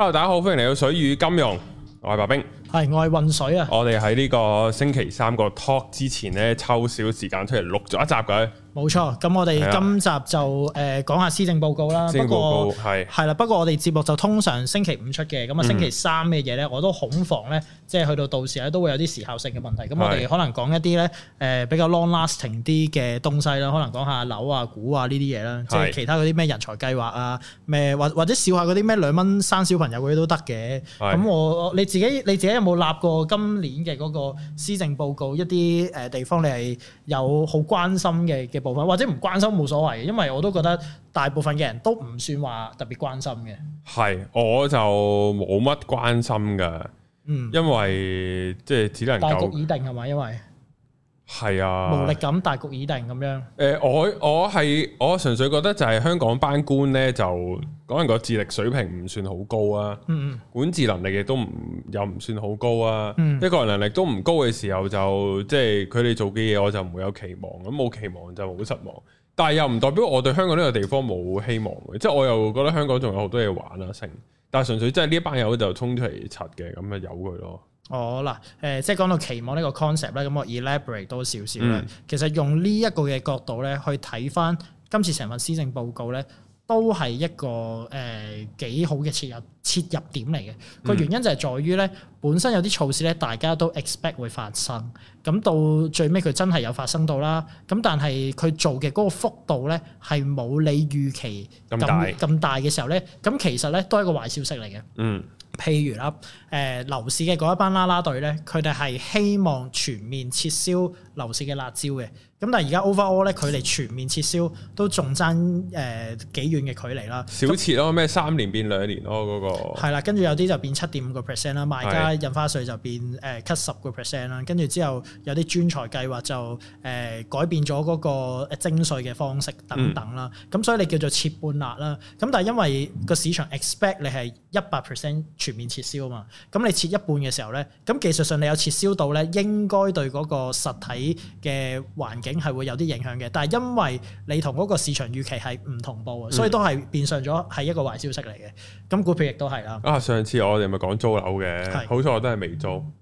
Hello 大家好，歡迎嚟到水與金融，我係白兵，係我係渾水啊，我哋喺呢個星期三個 talk 之前呢，抽少時間出嚟錄咗一集佢。冇錯，咁我哋今集就誒講下施政報告啦。施政報告係係啦，不過，的不過我哋節目就通常星期五出嘅，咁啊星期三嘅嘢咧，我都恐防咧，即係去到到時咧都會有啲時效性嘅問題。咁是的 我哋可能講一啲咧誒比較 long lasting 啲嘅東西啦，可能講下樓啊、股啊呢啲嘢啦，即係其他嗰啲咩人才計劃啊，咩或或者笑下嗰啲咩兩蚊生小朋友嗰啲都得嘅。咁是的 我你自己你自己有冇立過今年嘅嗰個施政報告一啲誒地方你係有好關心嘅嘅？部分或者唔關心冇所謂，因為我都覺得大部分嘅人都唔算話特別關心嘅。係，我就冇乜關心㗎，嗯，因為即係只能夠大局已定係嘛，因為。係啊，無力感，大局已定咁樣。誒，我我係我純粹覺得就係香港班官咧，就嗰人個智力水平唔算好高啊，嗯、管治能力亦都唔又唔算好高啊，嗯、一啲個人能力都唔高嘅時候就，就即係佢哋做嘅嘢，我就唔會有期望，咁冇期望就好失望。但係又唔代表我對香港呢個地方冇希望，即係我又覺得香港仲有好多嘢玩啊剩，但係純粹即係呢班友就衝出嚟柒嘅，咁啊由佢咯。哦，嗱，誒，即係講到期望呢個 concept 咧，咁我 elaborate 多少少、嗯、其實用呢一個嘅角度咧，去睇翻今次成份施政報告咧，都係一個誒、呃、幾好嘅切入切入點嚟嘅。個原因就係在於咧，本身有啲措施咧，大家都 expect 會發生，咁、嗯、到最尾佢真係有發生到啦。咁但係佢做嘅嗰個幅度咧，係冇你預期咁大咁大嘅時候咧，咁、嗯、其實咧都係一個壞消息嚟嘅。嗯。譬如啦，誒、呃、樓市嘅嗰一班啦啦隊咧，佢哋係希望全面撤銷樓市嘅辣椒嘅。咁但係而家 overall 咧距離全面撤銷都仲爭誒幾遠嘅距離啦。少撤咯，咩三就年變兩年咯、嗰個係啦，跟住有啲就變七點五個 percent 啦，賣家印花稅就變誒 cut 十個 percent 啦，跟住之後有啲專才計劃就誒、呃、改變咗個徵稅嘅方式等等啦。咁、嗯啊、所以你叫做撤半額啦。咁但係因為個市場 expect 你係一百 percent 全面撤銷啊嘛，咁你撤一半嘅時候咧，咁技術上你有撤銷到咧，應該對嗰個實體嘅環境。梗係會有啲影響嘅，但係因為你同嗰個市場預期係唔同步啊，嗯、所以都係變相咗係一個壞消息嚟嘅。咁股票亦都係啦。啊，上次我哋咪講租樓嘅，是好彩我都係未租。嗯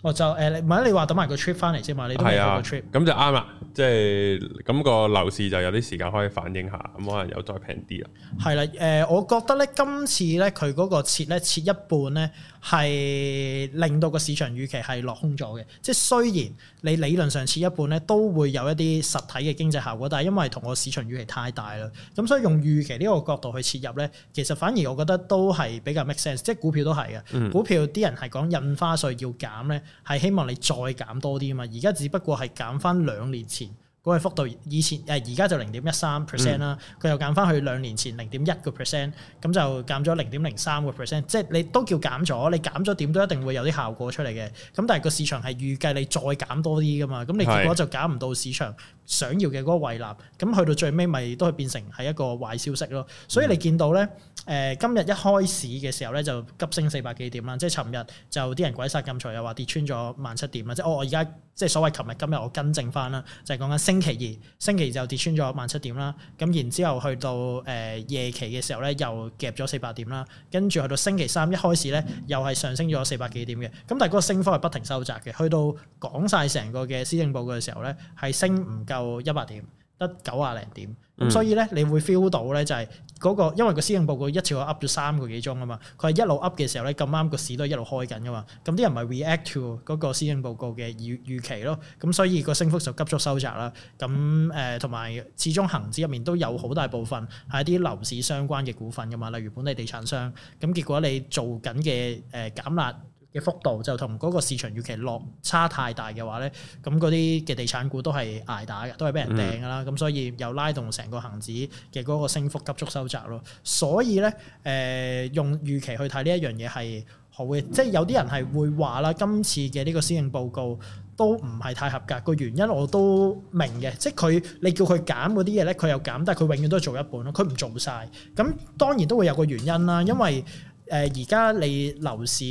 我就誒，唔、呃、係你話等埋個 trip 翻嚟啫嘛？呢都係個 trip，咁就啱啦。即係咁個樓市就有啲時間可以反映下，咁可能有再平啲啊。係啦，誒、呃，我覺得咧，今次咧，佢嗰個切咧，切一半咧，係令到個市場預期係落空咗嘅。即係雖然你理論上切一半咧，都會有一啲實體嘅經濟效果，但係因為同個市場預期太大啦，咁所以用預期呢個角度去切入咧，其實反而我覺得都係比較 make sense，即係股票都係嘅。嗯、股票啲人係講印花稅要減咧。係希望你再減多啲啊嘛，而家只不過係減翻兩年前嗰、那個幅度，以前誒而家就零點一三 percent 啦，佢、嗯、又減翻去兩年前零點一個 percent，咁就減咗零點零三個 percent，即係你都叫減咗，你減咗點都一定會有啲效果出嚟嘅。咁但係個市場係預計你再減多啲㗎嘛，咁你結果就減唔到市場。想要嘅嗰個維納，咁去到最尾咪都係變成係一個壞消息咯。所以你見到咧，誒、嗯呃、今日一開始嘅時候咧就急升四百幾點啦。即係尋日就啲人鬼殺咁嘈，又話跌穿咗萬七點啦。即係、哦、我而家即係所謂琴日今日我更正翻啦，就係、是、講緊星期二，星期二就跌穿咗萬七點啦。咁然之後去到誒、呃、夜期嘅時候咧又夾咗四百點啦，跟住去到星期三一開始咧又係上升咗四百幾點嘅。咁但係嗰個升幅係不停收窄嘅，去到講晒成個嘅施政報告嘅時候咧係升唔夠。就一百點，得九啊零點，咁、嗯、所以咧，你會 feel 到咧就係嗰、那個，因為個施政報告一次過 up 咗三個幾鐘啊嘛，佢係一路 up 嘅時候咧，咁啱個市都係一路開緊噶嘛，咁啲人咪 react to 嗰個施政報告嘅預預期咯，咁所以個升幅就急速收窄啦，咁誒同埋始終恒指入面都有好大部分係一啲樓市相關嘅股份噶嘛，例如本地地產商，咁結果你做緊嘅誒減辣。呃嘅幅度就同嗰個市場預期落差太大嘅話咧，咁嗰啲嘅地產股都係挨打嘅，都係俾人掟噶啦。咁、嗯、所以又拉動成個恒指嘅嗰個升幅急速收窄咯。所以咧，誒、呃、用預期去睇呢一樣嘢係好嘅，即係有啲人係會話啦。今次嘅呢個施政報告都唔係太合格，個原因我都明嘅。即係佢你叫佢減嗰啲嘢咧，佢又減，但係佢永遠都係做一半咯，佢唔做晒，咁當然都會有個原因啦，因為誒而家你樓市，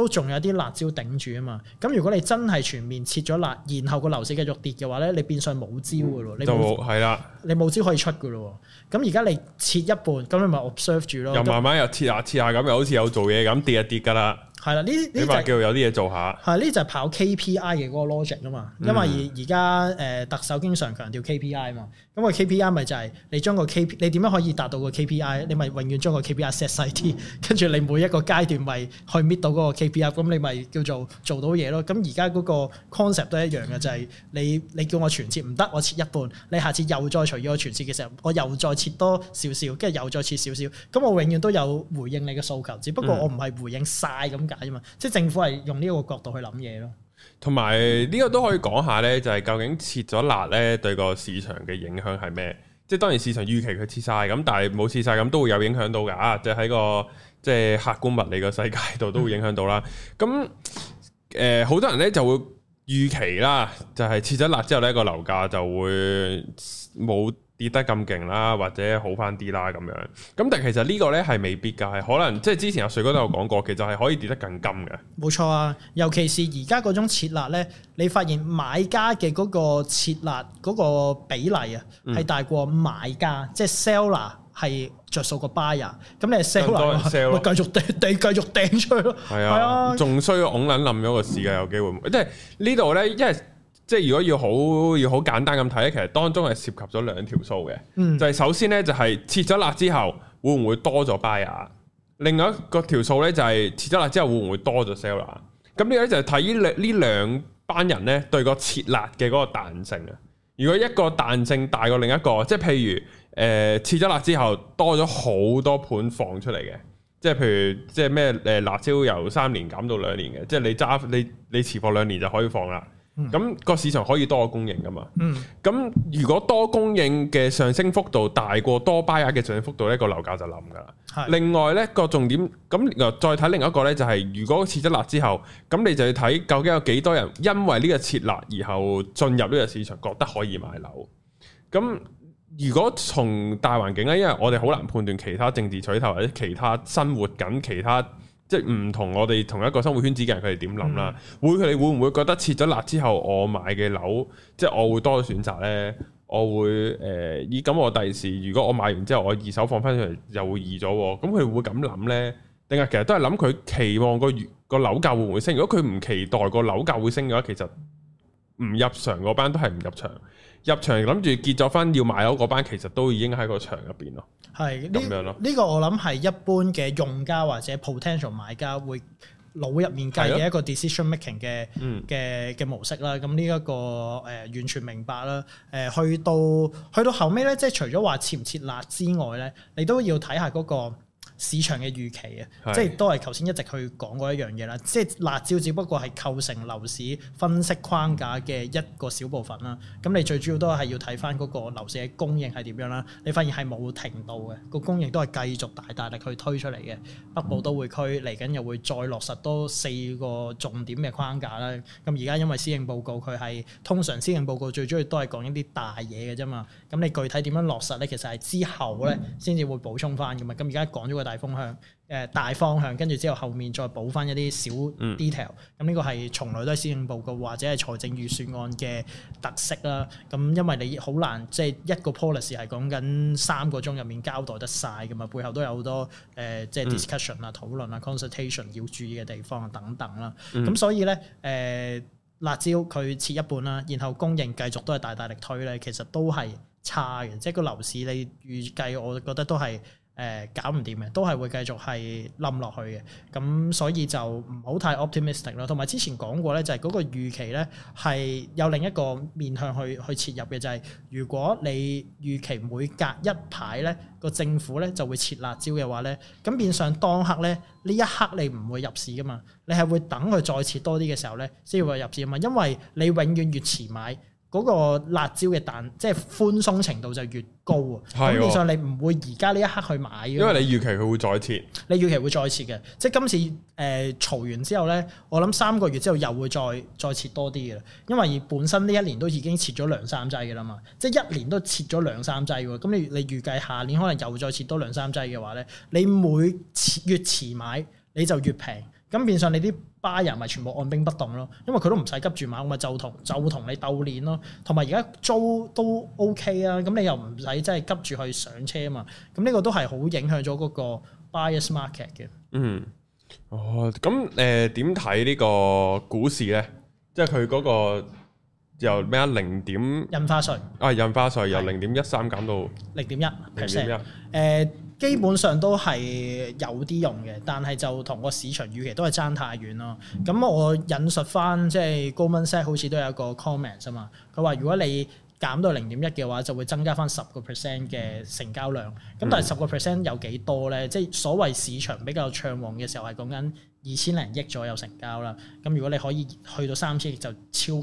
都仲有啲辣椒頂住啊嘛，咁如果你真係全面切咗辣，然後個樓市繼續跌嘅話咧，你變相冇招噶咯，呢度係啦，你冇無招是的 可以出噶咯，咁而家你切一半，咁你咪 observe 住咯，又慢慢又切下切下，咁又好似有做嘢咁跌一跌噶啦。係啦，呢啲呢就係、叫有啲嘢做下。係呢就係跑 KPI 嘅嗰個 logic 啊嘛，嗯、因為而而家誒特首經常強調 KPI 啊嘛，咁個 KPI 咪就係你將個 K，你點樣可以達到個 KPI？你咪永遠將個 KPI set 細啲，跟住、嗯、你每一個階段咪去搣到嗰個 KPI，咁你咪叫做做到嘢咯。咁而家嗰個 concept 都一樣嘅，就係、是、你你叫我全切唔得，我切一半。你下次又再隨意我全切嘅時候，我又再切多少少，跟住又再切少少，咁我永遠都有回應你嘅訴求，只不過我唔係回應晒。咁。啊嘛，即係政府係用呢個角度去諗嘢咯。同埋呢個都可以講下咧，就係究竟切咗辣咧對個市場嘅影響係咩？即、就、係、是、當然市場預期佢切晒咁，但係冇切晒咁都會有影響到噶。啊、就是，即係喺個即係客觀物理嘅世界度都會影響到啦。咁誒， 好、呃、多人咧就會預期啦，就係切咗辣之後咧個樓價就會冇跌得咁勁啦，或者好翻啲啦咁樣。咁但其實呢個咧係未必㗎，係可能即係之前阿瑞哥都有講過， 其實係可以跌得更金嘅。冇錯啊，尤其是而家嗰種設立咧，你發現買家嘅嗰個設立嗰個比例啊，係大過賣家，即係 seller 係着數過 buyer。咁你 seller 咪繼續掟掟繼續掟出去咯。係啊，仲衰，拱撚冧咗個市㗎，有機會。嗯、即係呢度咧，因為。因為即係如果要好要好簡單咁睇，其實當中係涉及咗兩條數嘅、嗯，就係首先咧就係切咗辣之後會唔會多咗 buyer 啊？另外一個條數咧就係、是、切咗辣之後會唔會多咗 seller 咁呢個咧就係睇呢呢兩班人咧對個切辣嘅嗰個彈性啊。如果一個彈性大過另一個，即係譬如誒、呃、切咗辣之後多咗好多盤放出嚟嘅，即係譬如即係咩誒辣椒由三年減到兩年嘅，即係你揸你你持貨兩年就可以放啦。咁個市場可以多個供應噶嘛？嗯。咁如果多供應嘅上升幅度大過多巴 u 嘅上升幅度呢，那個樓價就冧㗎啦。的另外呢，那個重點，咁再睇另一個呢，就係如果設咗辣之後，咁你就要睇究竟有幾多人因為呢個設立而後進入呢個市場，覺得可以買樓。咁如果從大環境咧，因為我哋好難判斷其他政治取頭或者其他生活緊其他。即係唔同我哋同一個生活圈子嘅人，佢哋點諗啦？嗯、會佢哋會唔會覺得切咗辣之後，我買嘅樓即係我會多咗選擇呢？我會誒、呃、以咁我第時，如果我買完之後，我二手放翻出嚟又會易咗喎。咁佢會唔會咁諗呢？定係其實都係諗佢期望、個、個樓價會唔會升？如果佢唔期待個樓價會升嘅話，其實唔入場嗰班都係唔入場。入場諗住結咗婚要買樓嗰班，其實都已經喺個場入邊咯。係咁是樣咯，呢、呢個呢個我諗係一般嘅用家或者 potential 買家會腦入面計嘅一個 decision making 嘅嘅嘅模式啦。咁呢一個誒、呃、完全明白啦。誒、呃、去到去到後尾咧，即係除咗話撤唔撤辣之外咧，你都要睇下嗰、嗰個。市場嘅預期啊，是即係都係頭先一直去講嗰一樣嘢啦。即係辣招，只不過係構成樓市分析框架嘅一個小部分啦。咁你最主要都係要睇翻嗰個樓市嘅供應係點樣啦。你發現係冇停到嘅，個供應都係繼續大大力去推出嚟嘅。北部都會區嚟緊又會再落實多四個重點嘅框架啦。咁而家因為施政報告佢係通常施政報告最中意都係講一啲大嘢嘅啫嘛。咁你具體點樣落實咧？其實係之後咧先至會補充翻噶嘛。咁而家講咗個大方向，誒、呃、大方向，跟住之後後面再補翻一啲小 detail。咁呢個係從來都係施政報告或者係財政預算案嘅特色啦。咁因為你好難即係一個 policy 係講緊三個鐘入面交代得晒㗎嘛，背後都有好多誒、呃，即係 discussion 啊、嗯、討論啊、consultation 要注意嘅地方啊等等啦。咁、嗯嗯、所以咧，誒、呃、辣椒佢切一半啦，然後供應繼續都係大大力推咧，其實都係差嘅。即係個樓市你預計，我覺得都係。誒、嗯、搞唔掂嘅，都係會繼續係冧落去嘅，咁所以就唔好太 optimistic 咯。同埋之前講過咧，就係嗰個預期咧係有另一個面向去去切入嘅，就係、是、如果你預期每隔一排咧個政府咧就會撤辣招嘅話咧，咁變相當刻咧呢一刻你唔會入市噶嘛，你係會等佢再撤多啲嘅時候咧先至會入市啊嘛，因為你永遠越遲買。嗰個辣椒嘅彈，即係寬鬆程度就越高啊！咁變相你唔會而家呢一刻去買，因為你預期佢會再切。你預期會再切嘅，即係今次誒嘈、呃、完之後咧，我諗三個月之後又會再再切多啲嘅。因為本身呢一年都已經切咗兩三劑嘅啦嘛，即係一年都切咗兩三劑喎。咁你你預計下年可能又再切多兩三劑嘅話咧，你每越遲買你就越平，咁變相你啲。巴人咪全部按兵不動咯，因為佢都唔使急住買，咪就同就同你鬥練咯，同埋而家租都 OK 啊，咁你又唔使即係急住去上車啊嘛，咁呢個都係好影響咗嗰個 buyers market 嘅。嗯，哦，咁誒點睇呢個股市咧？即係佢嗰個由咩啊零點印花稅啊，印花稅由零點一三減到零點一 p e r c 基本上都係有啲用嘅，但係就同個市場預期都係差太遠咯。咁我引述翻即係 Goldman Sachs 好似都有一個 comment 啊嘛，佢話如果你減到零點一嘅話，就會增加翻十個 percent 嘅成交量。咁但係十個 percent 有幾多咧？即係所謂市場比較暢旺嘅時候係講緊二千零億左右成交啦。咁如果你可以去到三千億就超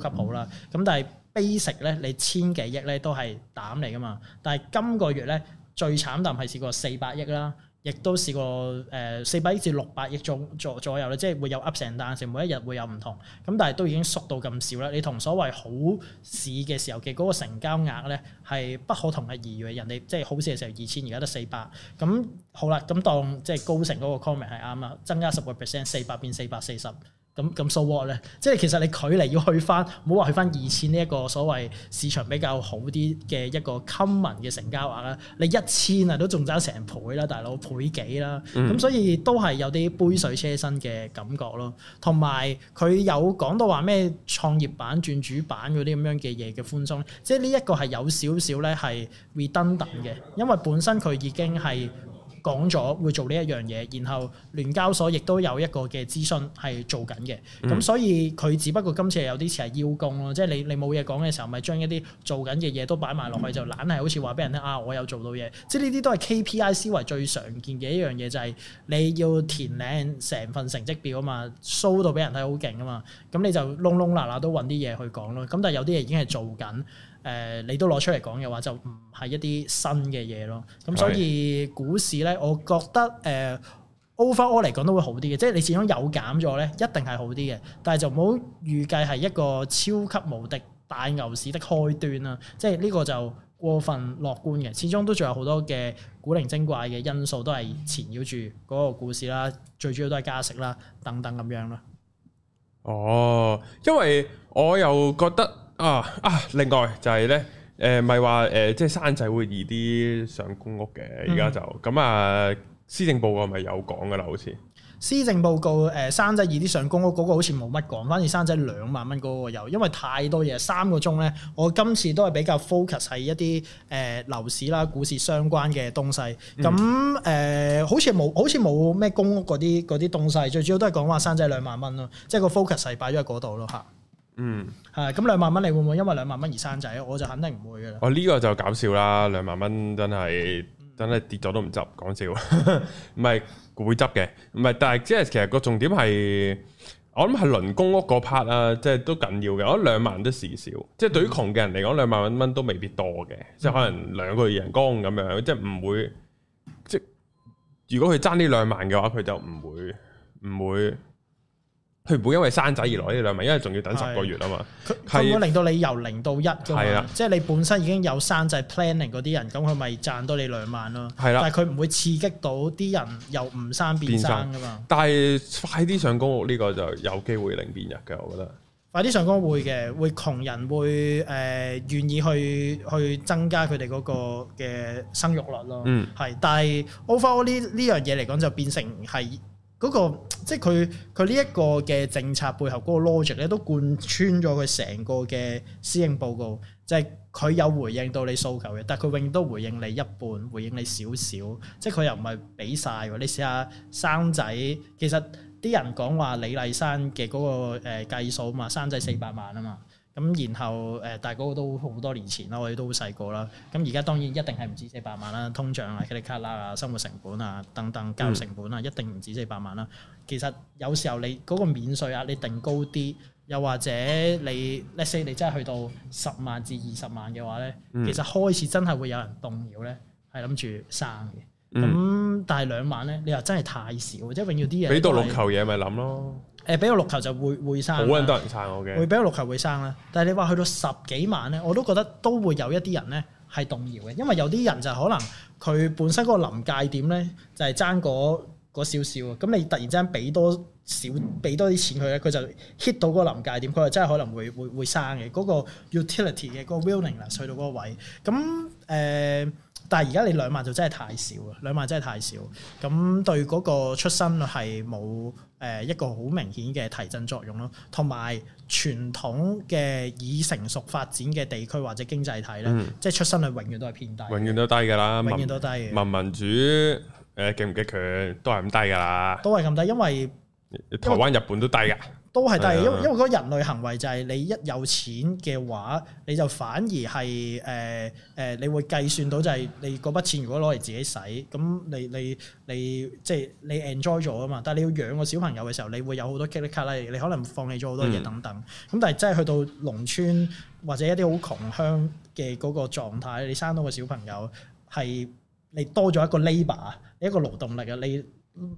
級好啦。咁但係 basic 咧，你千幾億咧都係膽嚟噶嘛。但係今個月咧。最慘，但係試過四百億啦，亦都試過誒四百億至六百億左左左右咧，即係會有 up 成 down 成，每一日會有唔同。咁但係都已經縮到咁少啦。你同所謂好市嘅時候嘅嗰個成交額咧，係不可同日而語。人哋即係好市嘅時候二千，而家得四百。咁好啦，咁當即係高成嗰個 comment 係啱啦，增加十個 percent，四百變四百四十。咁咁 so what 咧？即係、嗯、其實你距離要去翻，唔好話去翻二千呢一個所謂市場比較好啲嘅一個 common 嘅成交額啦。你、啊、一千啊都仲爭成倍啦，大佬倍幾啦、啊？咁、嗯嗯、所以都係有啲杯水車薪嘅感覺咯。同埋佢有講到話咩創業板轉主板嗰啲咁樣嘅嘢嘅寬鬆，即係呢一個係有少少咧係 redundant 嘅，因為本身佢已經係。講咗會做呢一樣嘢，然後聯交所亦都有一個嘅諮詢係做緊嘅，咁、嗯嗯、所以佢只不過今次係有啲似係邀功咯，即係你你冇嘢講嘅時候，咪將一啲做緊嘅嘢都擺埋落去，嗯、就懶係好似話俾人聽啊！我有做到嘢，即係呢啲都係 KPI 思維最常見嘅一樣嘢，就係、是、你要填靚成份成績表啊嘛，show 到俾人睇好勁啊嘛，咁你就窿窿罅罅都揾啲嘢去講咯，咁但係有啲嘢已經係做緊。誒、呃，你都攞出嚟講嘅話，就唔係一啲新嘅嘢咯。咁所以股市咧，我覺得誒、呃、over all 嚟講都會好啲嘅，即係你始終有減咗咧，一定係好啲嘅。但係就唔好預計係一個超級無敵大牛市的開端啦。即係呢個就過分樂觀嘅，始終都仲有好多嘅古靈精怪嘅因素都係纏繞住嗰個股市啦。最主要都係加息啦，等等咁樣啦。哦，因為我又覺得。啊啊！另外就係咧，誒咪話誒，即係生仔會易啲上公屋嘅。而家就咁、嗯、啊，施政報告係咪有講㗎啦，好似施政報告誒，生、呃、仔易啲上公屋嗰個好似冇乜講，反而生仔兩萬蚊嗰個有，因為太多嘢三個鐘咧，我今次都係比較 focus 喺一啲誒樓市啦、股市相關嘅東西。咁誒好似冇，好似冇咩公屋嗰啲啲東西，最主要都係講話生仔兩萬蚊咯，即係個 focus 係擺咗喺嗰度咯嚇。嗯，係咁兩萬蚊，你會唔會因為兩萬蚊而生仔？我就肯定唔會嘅喇。哦，呢、這個就搞笑啦，兩萬蚊真係、嗯、真係跌咗都唔執，講笑，唔 係會執嘅，唔係。但係即係其實個重點係，我諗係輪公屋個 part 啊，即、就、係、是、都緊要嘅。我覺得兩萬都事少，即係、嗯、對於窮嘅人嚟講，兩萬蚊都未必多嘅，即係、嗯、可能兩個月人工咁樣，即係唔會即係、就是、如果佢爭呢兩萬嘅話，佢就唔會唔會。佢唔會因為生仔而攞呢兩萬，因為仲要等十個月啊嘛。佢會令到你由零到一？係啊的，即係你本身已經有生仔 planning 嗰啲人，咁佢咪賺多你兩萬咯。係啦的，但係佢唔會刺激到啲人由唔生變生噶嘛。但係快啲上公屋呢個就有機會零變一嘅，我覺得。快啲上公屋會嘅，會窮人會誒、呃、願意去去增加佢哋嗰個嘅生育率咯。嗯，係，但係 over 呢呢樣嘢嚟講就變成係。嗰個即係佢佢呢一個嘅政策背後嗰個 logic 咧，都貫穿咗佢成個嘅施政報告，即係佢有回應到你訴求嘅，但係佢永遠都回應你一半，回應你少少，即係佢又唔係俾晒喎。你試下生仔，其實啲人講話李麗珊嘅嗰個誒、呃、計數嘛，生仔四百萬啊嘛。咁然後誒、呃，大哥都好多年前啦，我哋都好細個啦。咁而家當然一定係唔止四百萬啦，通脹啊、credit card 啊、生活成本啊、等等、教育成本啊，嗯、一定唔止四百萬啦。其實有時候你嗰個免稅額，你定高啲，又或者你 let's say 你真係去到十萬至二十萬嘅話咧，嗯、其實開始真係會有人動搖咧，係諗住生嘅。咁、嗯、但係兩萬咧，你又真係太少，即係永遠啲嘢。俾多六嚿嘢咪諗咯。誒俾個六球就會生好會生，冇人得人撐我嘅。會俾個六球會生啦，但係你話去到十幾萬咧，我都覺得都會有一啲人咧係動搖嘅，因為有啲人就可能佢本身嗰個臨界點咧就係爭嗰少少啊。咁你突然之間俾多少俾多啲錢佢咧，佢就 hit 到嗰個臨界點，佢就真係可能會會會生嘅嗰、嗰個 utility 嘅嗰個 willingness，去到嗰個位。咁誒、呃，但係而家你兩萬就真係太少啊，兩萬真係太少。咁對嗰個出生係冇。誒一個好明顯嘅提振作用咯，同埋傳統嘅已成熟發展嘅地區或者經濟體咧，嗯，即係出生率永遠都係偏低，永遠都低㗎啦，永遠都低民。民民主誒，極唔極權都係咁低㗎啦，都係咁低，低，因為，因為台灣、日本都低㗎。 都係，但係因為因為嗰人類行為，就係你一有錢嘅話，你就反而係誒誒，你會計算到就係你嗰筆錢如果攞嚟自己使，咁你你你即係、就是、你 enjoy 咗啊嘛。但係你要養個小朋友嘅時候，你會有好多 credit card 啦，你可能放棄咗好多嘢等等。咁、嗯、但係真係去到農村或者一啲好窮鄉嘅嗰個狀態，你生到個小朋友係你多咗一個 labour 啊，一個勞動力啊 l。你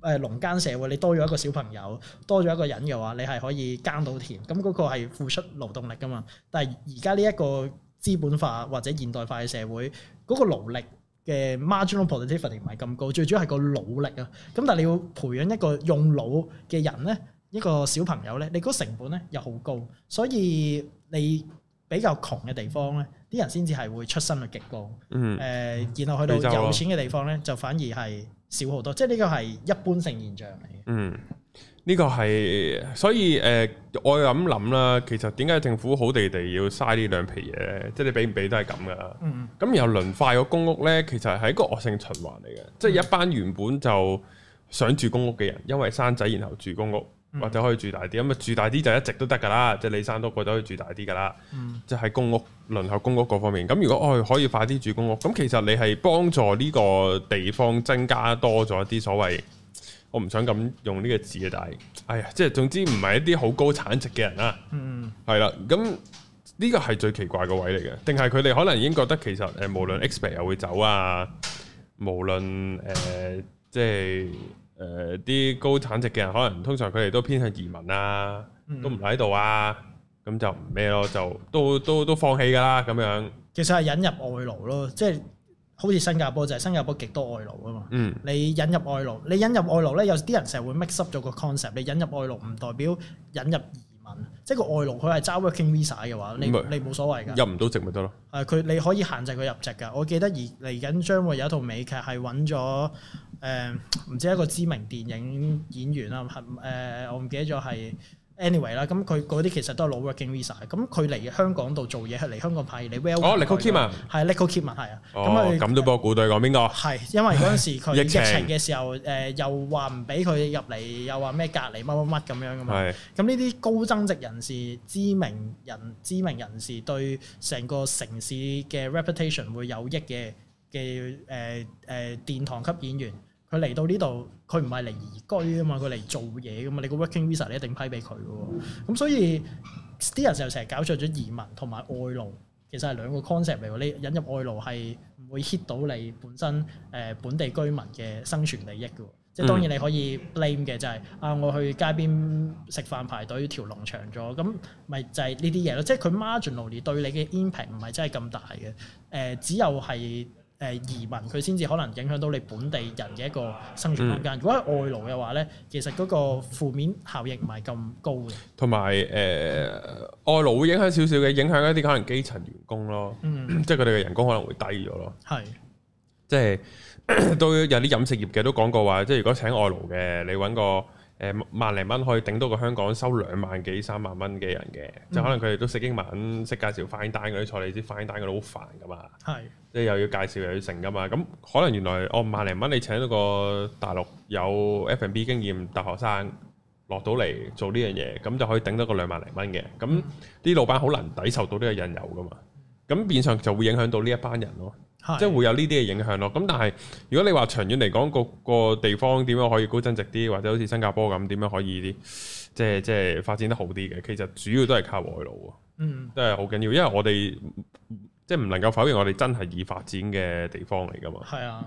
誒農耕社會，你多咗一個小朋友，多咗一個人嘅話，你係可以耕到田，咁嗰個係付出勞動力噶嘛。但係而家呢一個資本化或者現代化嘅社會，嗰、嗰個勞力嘅 marginal productivity 唔係咁高，最主要係個腦力啊。咁但係你要培養一個用腦嘅人咧，一個小朋友咧，你嗰成本咧又好高，所以你比較窮嘅地方咧，啲人先至係會出生率極高。嗯、呃。然後去到有錢嘅地方咧，嗯嗯、就，就反而係。少好多，即係呢個係一般性現象嚟嘅。嗯，呢、呢個係所以誒、呃，我咁諗啦，其實點解政府好地地要嘥呢兩皮嘢咧？即係你俾唔俾都係咁噶啦。嗯，咁然後輪化個公屋咧，其實係一個惡性循環嚟嘅，嗯、即係一班原本就想住公屋嘅人，因為生仔然後住公屋。或者可以住大啲，咁啊住大啲就一直都得噶啦，即、就、係、是、李生都覺得可以住大啲噶啦，即係、嗯、公屋輪候公屋各方面。咁如果哦可以快啲住公屋，咁其實你係幫助呢個地方增加多咗一啲所謂，我唔想咁用呢個字啊，但係，哎呀，即係總之唔係一啲好高產值嘅人啦，係啦、嗯，咁呢個係最奇怪嘅位嚟嘅，定係佢哋可能已經覺得其實誒無論 XPE 又會走啊，無論誒、呃、即係。誒啲高產值嘅人，可能通常佢哋都偏向移民啊，都唔喺度啊，咁就唔咩咯？就都都都放棄㗎啦，咁樣。其實係引入外勞咯，即係好似新加坡就係新加坡極多外勞啊嘛。你引入外勞，你引入外勞咧，有啲人成日會 mix up 咗個 concept。你引入外勞唔代表引入移民，即係個外勞佢係揸 working visa 嘅話，你你冇所謂㗎。入唔到籍咪得咯？係佢你可以限制佢入籍㗎。我記得而嚟緊將會有一套美劇係揾咗。誒唔、嗯、知一個知名電影演員啊，係、嗯、誒、嗯、我唔記得咗係 Anyway 啦，咁佢嗰啲其實都係攞 working visa 咁佢嚟香港度做嘢係嚟香港派嚟 Wellcome 係 Nicole Kidman 啊，係啊，咁啊咁都幫我估對講邊個？係因為嗰陣時佢疫情嘅時候，誒又話唔俾佢入嚟，又話咩隔離乜乜乜咁樣㗎嘛。咁呢啲高增值人士、知名人、知名人，知名人士對成個城市嘅 reputation 會有益嘅嘅誒誒殿堂級演員。佢嚟到呢度，佢唔係嚟移居啊嘛，佢嚟做嘢噶嘛，你個 working visa 你一定批俾佢嘅喎。咁所以啲人就成日搞錯咗移民同埋外勞，其實係兩個 concept 嚟喎。你引入外勞係唔會 hit 到你本身誒、呃、本地居民嘅生存利益嘅。即係當然你可以 blame 嘅就係、是、啊，我去街邊食飯排隊條龍長咗，咁咪就係呢啲嘢咯。即係佢 marginally 對你嘅 impact 唔係真係咁大嘅。誒、呃，只有係。誒移民佢先至可能影響到你本地人嘅一個生存空間。嗯、如果係外勞嘅話咧，其實嗰個負面效益唔係咁高嘅。同埋誒，外勞會影響少少嘅，影響一啲可能基層員工咯，嗯、即係佢哋嘅人工可能會低咗咯。係是，即係都有啲飲食業嘅都講過話，即係如果請外勞嘅，你揾個。誒、呃、萬零蚊可以頂到個香港收兩萬幾三萬蚊嘅人嘅，即係、嗯、可能佢哋都識英文，識介紹飯單嗰啲菜，你知飯單嗰啲好煩噶嘛，是即係又要介紹又要成噶嘛。咁、嗯、可能原來哦萬零蚊你請到個大陸有 F&B 經驗大學生落到嚟做呢樣嘢，咁就可以頂到個多個兩萬零蚊嘅。咁啲、嗯、老闆好難抵受到呢個引誘噶嘛，咁變相就會影響到呢一班人咯。是即係會有呢啲嘅影響咯。咁但係如果你話長遠嚟講，個個地方點樣可以高增值啲，或者好似新加坡咁點樣,樣可以啲即係即係發展得好啲嘅，其實主要都係靠外勞啊。嗯，都係好緊要，因為我哋即係唔能夠否認我哋真係已發展嘅地方嚟㗎嘛。係啊。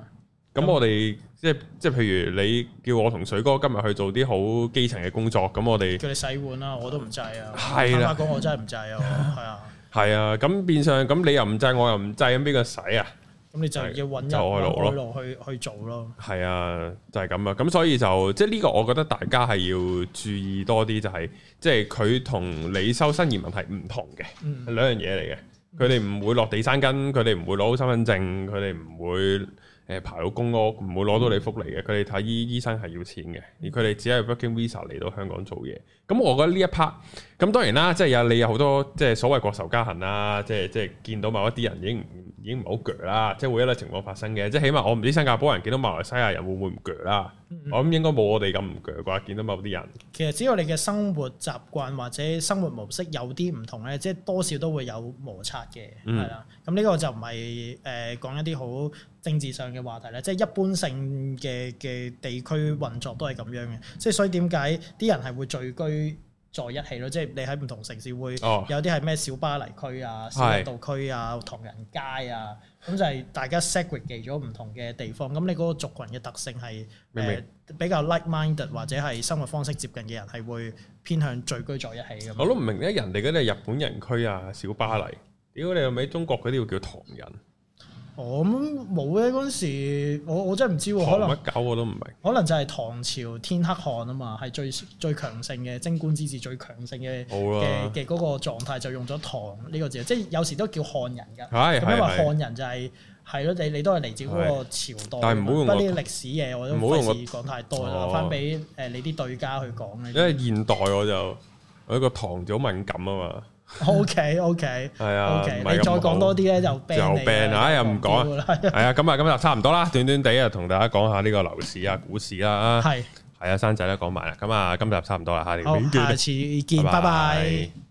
咁說我哋即係即係譬如你叫我同水哥今日去做啲好基層嘅工作，咁我哋叫你洗碗啦、啊，我都唔制啊。係啦、啊，阿哥我,我真係唔制啊。係啊。係啊。咁變相咁你又唔制，我又唔制，咁邊個洗啊？咁、嗯、你就要揾一條路咯，去的去做咯。係啊，就係咁啊。咁所以就即係呢個，我覺得大家係要注意多啲、就是，就係即係佢同你收新移民係唔同嘅，嗯、兩樣嘢嚟嘅。佢哋唔會落地生根，佢哋唔會攞到身份證，佢哋唔會誒排到公屋，唔會攞到你福利嘅。佢哋睇醫醫生係要錢嘅，而佢哋只係 working visa 嚟到香港做嘢。咁我覺得呢一 part，咁當然啦，即係有你有好多即係所謂國仇家恨啦，即係即係見到某一啲人已經已經唔好鋸啦，即係會有一類情況發生嘅。即係起碼我唔知新加坡人見到馬來西亞人會唔會唔鋸啦，嗯、我諗應該冇我哋咁唔鋸啩。見到某啲人，其實只要你嘅生活習慣或者生活模式有啲唔同咧，即係多少都會有摩擦嘅，係啦、嗯。咁呢個就唔係誒講一啲好政治上嘅話題咧，即係一般性嘅嘅地區運作都係咁樣嘅。即係所以點解啲人係會聚居？在一起咯，即係你喺唔同城市會，oh. 有啲係咩小巴黎區啊、小印度區啊、唐人街啊，咁 就係大家 segregate 咗唔同嘅地方。咁你嗰個族群嘅特性係，比較 like-minded 或者係生活方式接近嘅人係會偏向聚居在一起。我都唔明咧，人哋嗰啲係日本人區啊、小巴黎，屌你有冇喺中國嗰啲會叫唐人？哦、我咁冇嘅嗰陣時，我我真係唔知喎。唐乜狗我都唔明。可能就係唐朝天黑漢啊嘛，係最最強盛嘅貞觀之治最強盛嘅嘅嘅嗰個狀態，就用咗唐呢個字，即係有時都叫漢人㗎。咁因為漢人就係係咯，你是是你都係嚟自嗰個朝代。但係唔好用啲歷史嘢，我都唔好意思講太多，翻俾誒你啲對家去講，因為現代我就我一個唐就好敏感啊嘛。O K O K 係啊，O K 你再講多啲咧就病，又病啊又唔講啊，係啊咁啊咁啊差唔多啦，短短地啊同大家講下呢個樓市啊股市啦啊，係係啊生仔都講埋啦，咁啊今日差唔多啦吓，下集見好下次見，拜拜。拜拜。